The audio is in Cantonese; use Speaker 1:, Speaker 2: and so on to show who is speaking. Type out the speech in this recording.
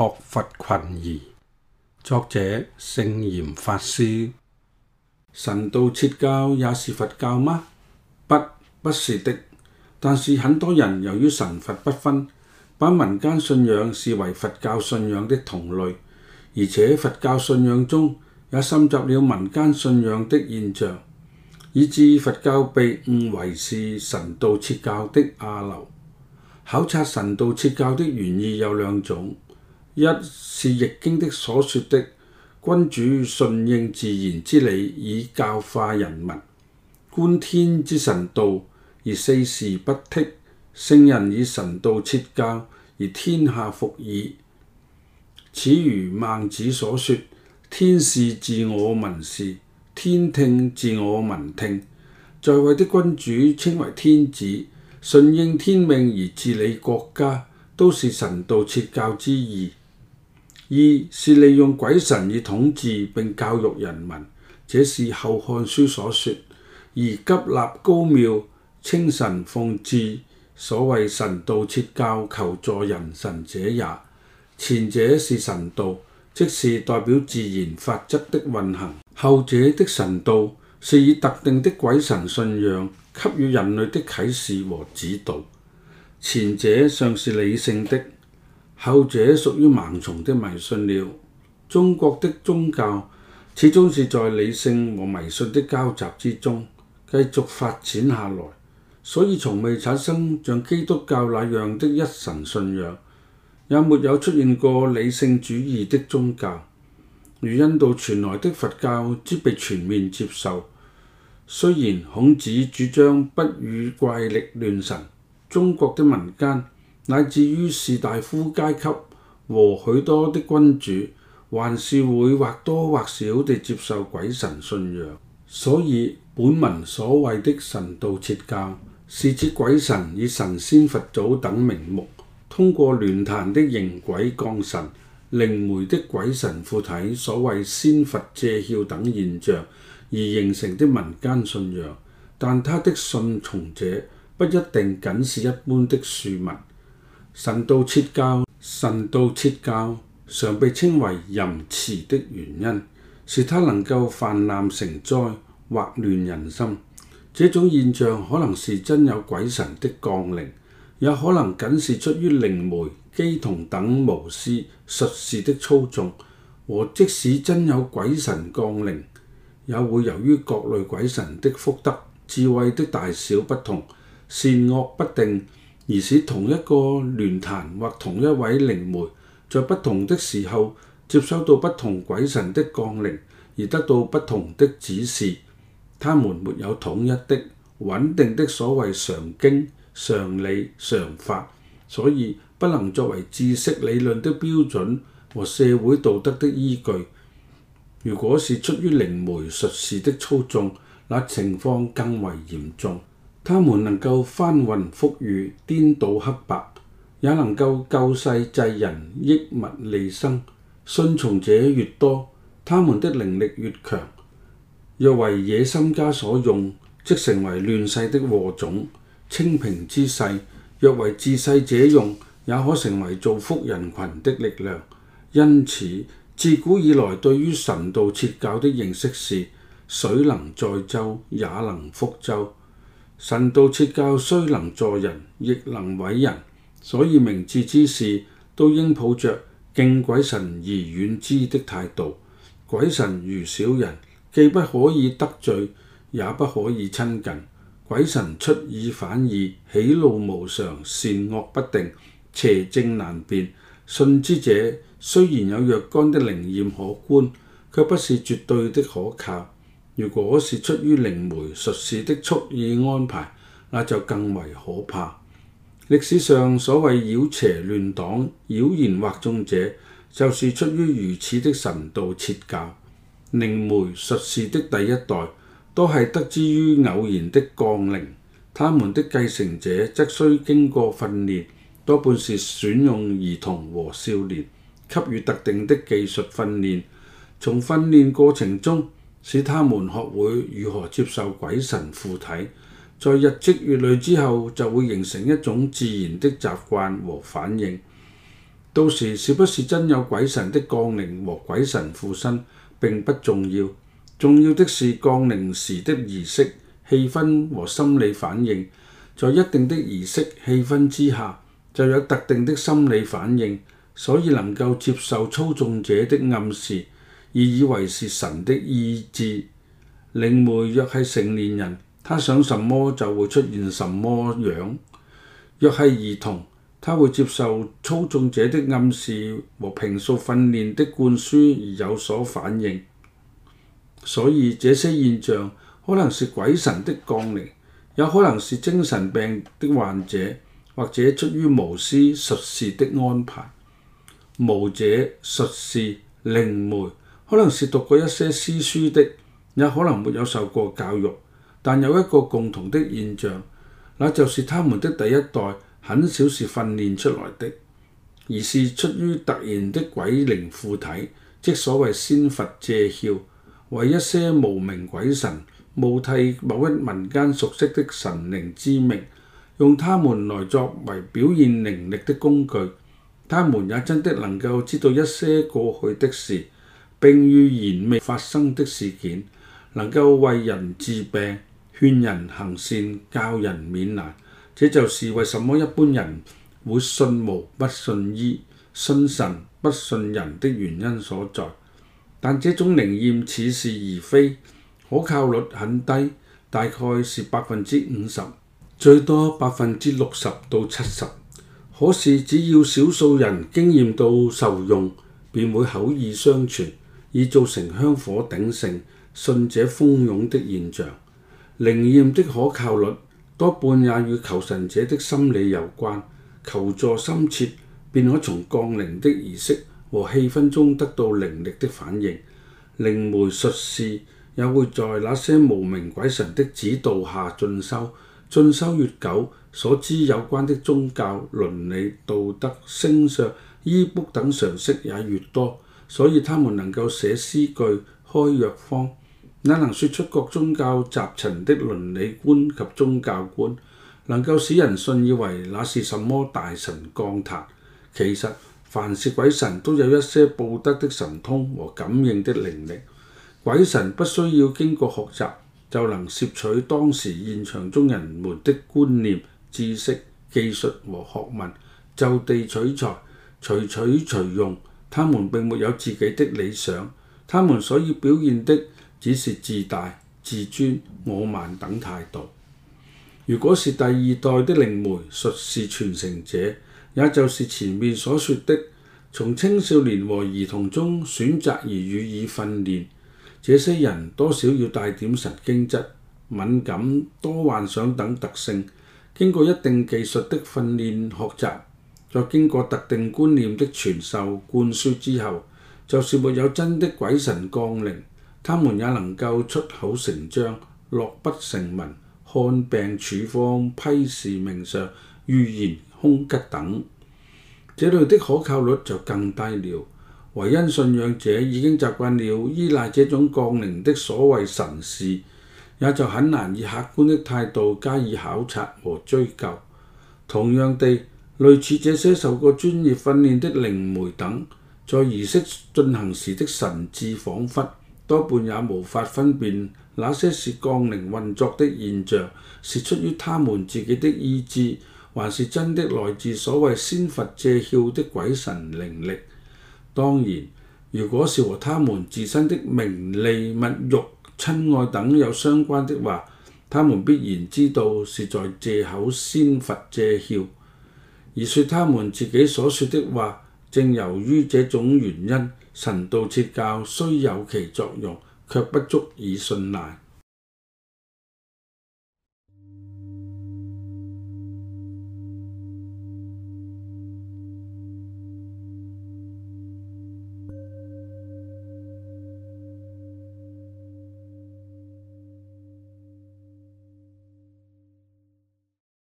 Speaker 1: 學佛群疑，作者聖嚴法師。神道設教也是佛教嗎？不，不是的。但是很多人由於神佛不分，把民間信仰視為佛教信仰的同類，而且佛教信仰中也滲雜了民間信仰的現象，以致佛教被誤為是神道設教的亞流。考察神道設教的原意有兩種。一是易經的所說的君主順應自然之理以教化人民，觀天之神道而四時不忒，聖人以神道設教而天下服矣。此如孟子所說：天視自我民視，天聽自我民聽。在位的君主稱為天子，順應天命而治理國家，都是神道設教之意。二是利用鬼神以統治並教育人民，這是《後漢書》所說，而急立高廟，清神奉祀，所謂神道設教，求助人神者也。前者是神道，即是代表自然法則的運行；後者的神道是以特定的鬼神信仰給予人類的啟示和指導。前者尚是理性的。後者屬於盲從的迷信了。中國的宗教始終是在理性和迷信的交集之中繼續發展下來，所以從未產生像基督教那樣的一神信仰，也沒有出現過理性主義的宗教。如印度傳來的佛教，即被全面接受。雖然孔子主張不語怪力亂神，中國的民間，乃至於士大夫階級和許多的君主，還是會或多或少地接受鬼神信仰。所以本文所謂的神道設教，是指鬼神以神仙、佛祖等名目，通過鸞壇的迎鬼降神、靈媒的鬼神附體、所謂仙佛借竅等現象而形成的民間信仰。但他的信從者不一定僅是一般的庶民。神道設教，神道設教常被稱為淫祠的原因，是它能夠泛濫成災，惑亂人心。這種現象可能是真有鬼神的降靈，也可能僅是出於靈媒、乩童等巫師術士的操縱。和即使真有鬼神降靈，也會由於各類鬼神的福德、智慧的大小不同，善惡不定。而是同一個鸞壇或同一位靈媒，在不同的時候接收到不同鬼神的降靈，而得到不同的指示。他們沒有統一的、穩定的所謂常經、常理、常法，所以不能作為知識理論的標準和社會道德的依據。如果是出於靈媒術士的操縱，那情況更為嚴重。他們能夠翻雲覆雨、顛倒黑白，也能夠救世濟人、益物利生。信從者越多，他們的靈力越強。若為野心家所用，即成為亂世的禍種；清平之世，若為治世者用，也可成為造福人群的力量。因此，自古以來對於神道設教的認識是：水能載舟，也能覆舟。神道設教雖能助人，亦能毀人，所以明智之士都應抱着敬鬼神而遠之的態度。鬼神如小人，既不可以得罪，也不可以親近。鬼神出爾反爾，喜怒無常，善惡不定，邪正難辨。信之者雖然有若干的靈驗可觀，卻不是絕對的可靠。如果是出於靈媒術士的蓄意安排，那就更為可怕。歷史上所謂妖邪亂黨妖言惑眾者，就是出於如此的神道設教。靈媒術士的第一代都係得之於偶然的降靈，他們的繼承者則需經過訓練，多半是選用兒童和少年，給予特定的技術訓練，從訓練過程中，使他們學會如何接受鬼神附體，在日積月累之後就會形成一種自然的習慣和反應。到時是不是真有鬼神的降臨和鬼神附身並不重要，重要的是降臨時的儀式、氣氛和心理反應。在一定的儀式氣氛之下，就有特定的心理反應，所以能夠接受操縱者的暗示。而以為是神的意志，靈媒若係成年人，他想什麼就會出現什麼樣；若係兒童，他會接受操縱者的暗示和平素訓練的灌輸而有所反應。所以這些現象可能是鬼神的降臨，有可能是精神病的患者，或者出於巫師術士的安排。巫者實事、術士、靈媒。可能是讀過一些詩書的，也可能沒有受過教育，但有一個共同的現象，那就是他們的第一代很少是訓練出來的，而是出於突然的鬼靈附體，即所謂仙佛借竅，為一些無名鬼神冒替某一民間熟悉的神靈之名，用他們來作為表現靈力的工具。他們也真的能夠知道一些過去的事。並預言未發生的事件，能夠為人治病、勸人行善、教人免難，這就是為什麼一般人會信巫不信醫、信神不信人的原因所在。但這種靈驗似是而非，可靠率很低，大概是百分之五十，最多百分之六十到七十。可是只要少數人經驗到受用，便會口耳相傳。以造成香火鼎盛、信者蜂擁的現象。靈驗的可靠率多半也與求神者的心理有關。求助深切，便可從降靈的儀式和氣氛中得到靈力的反應，靈媒術士也會在那些無名鬼神的指導下進修，進修越久，所知有關的宗教、倫理、道德、星相、醫卜等常識也越多。所以他們能夠寫詩句、開藥方，也能説出各宗教集塵的倫理觀及宗教觀，能夠使人信以為那是什麼大神降壇。其實，凡是鬼神都有一些報德的神通和感應的靈力。鬼神不需要經過學習，就能攝取當時現場中人們的觀念、知識、技術和學問，就地取材，隨取隨用。他們並沒有自己的理想，他們所要表現的只是自大、自尊、我慢等態度。如果是第二代的靈媒術士傳承者，也就是前面所說的，從青少年和兒童中選擇而予以訓練，這些人多少要帶點神經質、敏感、多幻想等特性，經過一定技術的訓練學習。在經過特定觀念的傳授灌輸之後，就算是沒有真的鬼神降靈，他們也能夠出口成章、落筆成文、看病處方、批示命相、預言、凶吉等。這類的可靠率就更低了，唯因信仰者已經習慣了依賴這種降靈的所謂神事，也就很難以客觀的態度加以考察和追究。同樣地，類似這些受過專業訓練的靈媒等，在儀式進行時的神智恍惚，多半也無法分辨那些是降靈運作的現象，是出於他們自己的意志，還是真的來自所謂仙佛借竅的鬼神靈力。當然，如果是和他們自身的名利、物欲、親愛等有相關的話，他們必然知道是在藉口仙佛借竅。而說他們自己所說的話，正由於這種原因，神道設教雖有其作用，卻不足以信賴。